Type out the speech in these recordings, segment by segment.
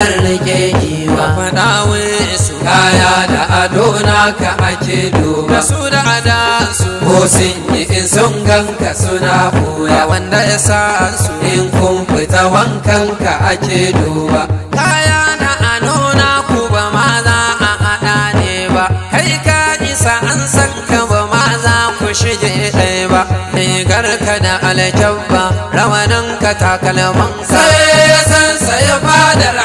nake kiwa faɗa su kaya da ado naka ake duba su da ada su ko sun yi in sun ganka suna boya wanda ya sa su in kun fita wankan ka ake duba kaya na ado na ku ba ma za a haɗa ne ba kai ka isa an san ka ba ma za ku shige ɗaya ba rigar ka da alkyabba rawanin ka takalman sai ya san sai fadar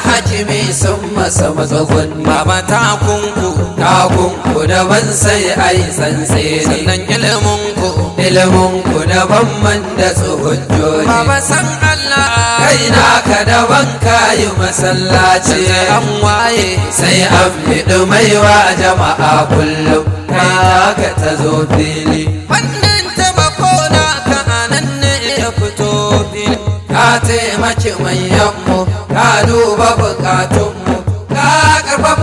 masa matsagun baba ta kunku ta kunku daban sai ai sanse sannan ilimin ku ilimin ku daban man da tsohon joni baba san Allah kai naka daban kayi masallaci an waye sai an fiɗi maiwa jama'a kullum kai naka ta zo fili wannan taba ka anan ne ya fito fili ka taimaki manyanmu ka duba bukatun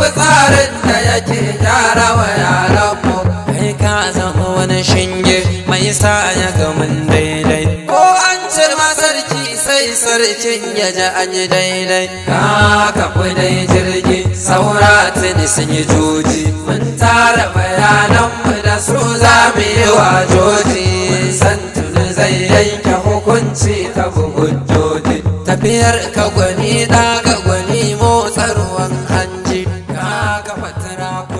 fitsarin da yake gyara wa mu kai ka zama wani shinge mai sa ya ga mun daidai ko an ce ma sarki sai sarkin ya ji an yi daidai ka dai jirgi saura tuni sun yi joji mun tara bayanan mu da su za mu yi wa joji san tuni zai yanke hukunci ta hujjoji tafiyar ka gwani daga ka fatara ko